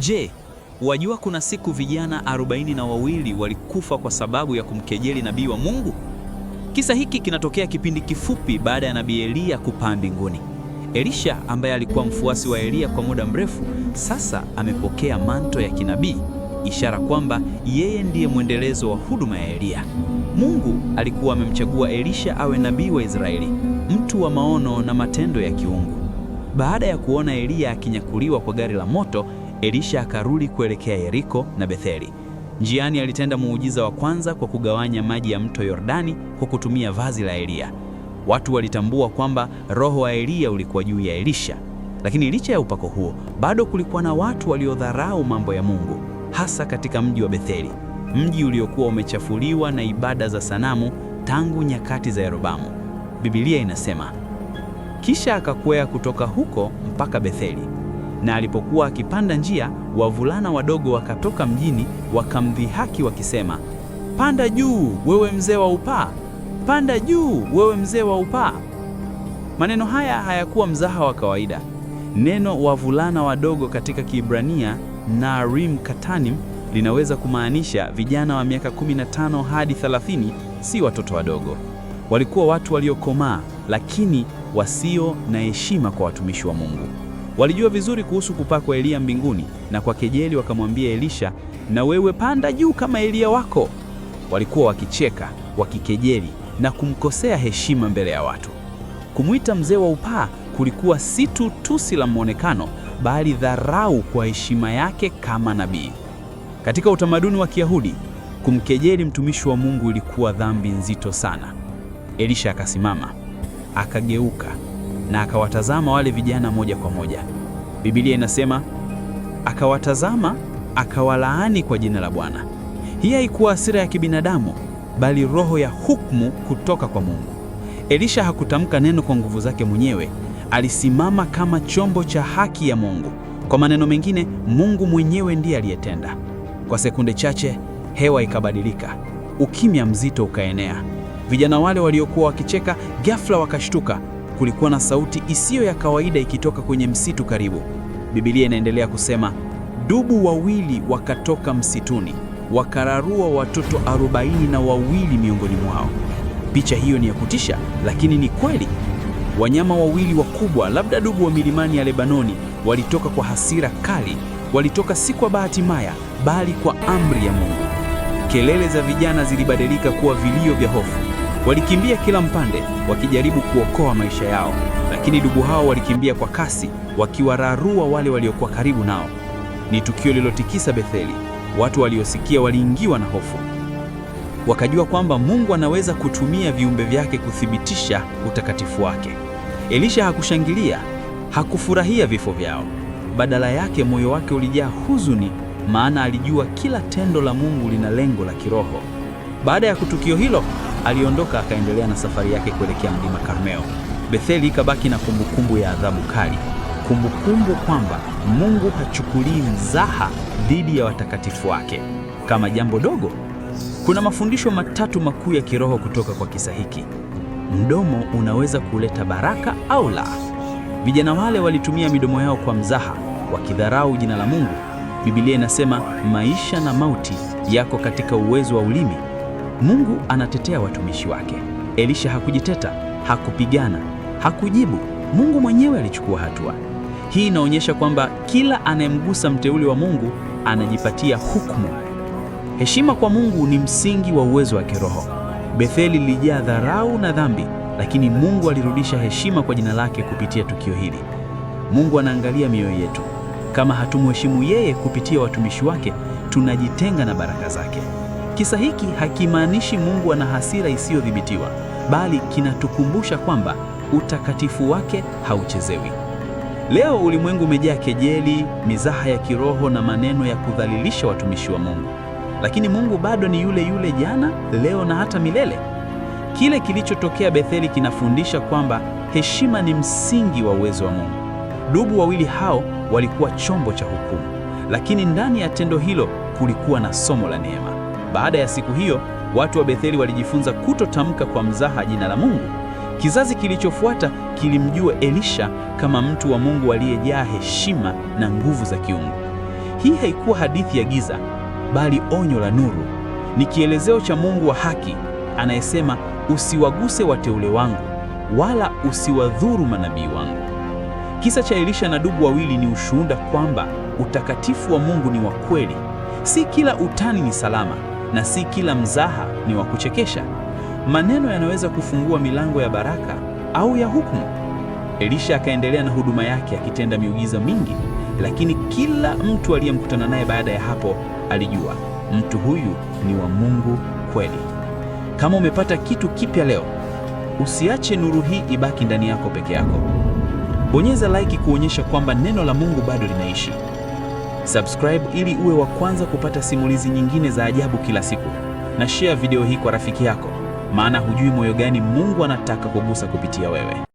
Je, wajua kuna siku vijana arobaini na wawili walikufa kwa sababu ya kumkejeli nabii wa Mungu? Kisa hiki kinatokea kipindi kifupi baada ya nabii Eliya kupaa mbinguni. Elisha ambaye alikuwa mfuasi wa Eliya kwa muda mrefu, sasa amepokea manto ya kinabii, ishara kwamba yeye ndiye mwendelezo wa huduma ya Eliya. Mungu alikuwa amemchagua Elisha awe nabii wa Israeli, mtu wa maono na matendo ya kiungu. Baada ya kuona Eliya akinyakuliwa kwa gari la moto, Elisha akarudi kuelekea Yeriko na Betheli. Njiani alitenda muujiza wa kwanza kwa kugawanya maji ya mto Yordani kwa kutumia vazi la Eliya. Watu walitambua kwamba roho wa Eliya ulikuwa juu ya Elisha. Lakini licha ya upako huo, bado kulikuwa na watu waliodharau mambo ya Mungu, hasa katika mji wa Betheli, mji uliokuwa umechafuliwa na ibada za sanamu tangu nyakati za Yerobamu. Biblia inasema, kisha akakwea kutoka huko mpaka Betheli na alipokuwa akipanda njia, wavulana wadogo wakatoka mjini wakamdhihaki wakisema, panda juu wewe mzee wa upaa, panda juu wewe mzee wa upaa. Maneno haya hayakuwa mzaha wa kawaida. Neno wavulana wadogo katika Kiebrania narim katanim linaweza kumaanisha vijana wa miaka 15 hadi 30. Si watoto wadogo, walikuwa watu waliokomaa, lakini wasio na heshima kwa watumishi wa Mungu. Walijua vizuri kuhusu kupaa kwa Eliya mbinguni, na kwa kejeli wakamwambia Elisha, na wewe panda juu kama Eliya wako. Walikuwa wakicheka, wakikejeli na kumkosea heshima mbele ya watu. Kumwita mzee wa upaa kulikuwa si tu tusi la mwonekano, bali dharau kwa heshima yake kama nabii. Katika utamaduni wa Kiyahudi, kumkejeli mtumishi wa Mungu ilikuwa dhambi nzito sana. Elisha akasimama, akageuka na akawatazama wale vijana moja kwa moja. Biblia inasema akawatazama, akawalaani kwa jina la Bwana. Hii haikuwa hasira ya kibinadamu, bali roho ya hukumu kutoka kwa Mungu. Elisha hakutamka neno kwa nguvu zake mwenyewe, alisimama kama chombo cha haki ya Mungu. Kwa maneno mengine, Mungu mwenyewe ndiye aliyetenda. Kwa sekunde chache hewa ikabadilika, ukimya mzito ukaenea. Vijana wale waliokuwa wakicheka ghafla wakashtuka kulikuwa na sauti isiyo ya kawaida ikitoka kwenye msitu karibu. Biblia inaendelea kusema, dubu wawili wakatoka msituni wakararua watoto arobaini na wawili miongoni mwao. Picha hiyo ni ya kutisha, lakini ni kweli. Wanyama wawili wakubwa, labda dubu wa milimani ya Lebanoni, walitoka kwa hasira kali. Walitoka si kwa bahati mbaya, bali kwa amri ya Mungu. Kelele za vijana zilibadilika kuwa vilio vya hofu. Walikimbia kila mpande wakijaribu kuokoa maisha yao, lakini dubu hao walikimbia kwa kasi wakiwararua wale waliokuwa karibu nao. Ni tukio lilotikisa Betheli. Watu waliosikia waliingiwa na hofu, wakajua kwamba Mungu anaweza kutumia viumbe vyake kuthibitisha utakatifu wake. Elisha hakushangilia, hakufurahia vifo vyao. Badala yake, moyo wake ulijaa huzuni, maana alijua kila tendo la Mungu lina lengo la kiroho. Baada ya tukio hilo Aliondoka akaendelea na safari yake kuelekea mlima karmeo Betheli ikabaki na kumbukumbu ya adhabu kali, kumbukumbu kwamba Mungu hachukulii mzaha dhidi ya watakatifu wake kama jambo dogo. Kuna mafundisho matatu makuu ya kiroho kutoka kwa kisa hiki. Mdomo unaweza kuleta baraka au la. Vijana wale walitumia midomo yao kwa mzaha, wakidharau jina la Mungu. Biblia inasema maisha na mauti yako katika uwezo wa ulimi. Mungu anatetea watumishi wake. Elisha hakujiteta, hakupigana, hakujibu. Mungu mwenyewe alichukua hatua. Hii inaonyesha kwamba kila anayemgusa mteule wa Mungu anajipatia hukumu. Heshima kwa Mungu ni msingi wa uwezo wa kiroho. Betheli lilijaa dharau na dhambi, lakini Mungu alirudisha heshima kwa jina lake kupitia tukio hili. Mungu anaangalia mioyo yetu. Kama hatumheshimu yeye kupitia watumishi wake, tunajitenga na baraka zake. Kisa hiki hakimaanishi Mungu ana hasira isiyodhibitiwa, bali kinatukumbusha kwamba utakatifu wake hauchezewi. Leo ulimwengu umejaa kejeli, mizaha ya kiroho na maneno ya kudhalilisha watumishi wa Mungu, lakini Mungu bado ni yule yule jana, leo na hata milele. Kile kilichotokea Betheli kinafundisha kwamba heshima ni msingi wa uwezo wa Mungu. Dubu wawili hao walikuwa chombo cha hukumu, lakini ndani ya tendo hilo kulikuwa na somo la neema. Baada ya siku hiyo, watu wa Betheli walijifunza kutotamka kwa mzaha jina la Mungu. Kizazi kilichofuata kilimjua Elisha kama mtu wa Mungu aliyejaa heshima na nguvu za kiungu. Hii haikuwa hadithi ya giza, bali onyo la nuru. Ni kielezeo cha Mungu wa haki anayesema, usiwaguse wateule wangu wala usiwadhuru manabii wangu. Kisa cha Elisha na dubu wawili ni ushuhuda kwamba utakatifu wa Mungu ni wa kweli. Si kila utani ni salama na si kila mzaha ni wa kuchekesha. Maneno yanaweza kufungua milango ya baraka au ya hukumu. Elisha akaendelea na huduma yake akitenda miujiza mingi, lakini kila mtu aliyemkutana naye baada ya hapo alijua mtu huyu ni wa Mungu kweli. Kama umepata kitu kipya leo, usiache nuru hii ibaki ndani yako peke yako. Bonyeza like kuonyesha kwamba neno la Mungu bado linaishi. Subscribe ili uwe wa kwanza kupata simulizi nyingine za ajabu kila siku, na share video hii kwa rafiki yako, maana hujui moyo gani Mungu anataka kugusa kupitia wewe.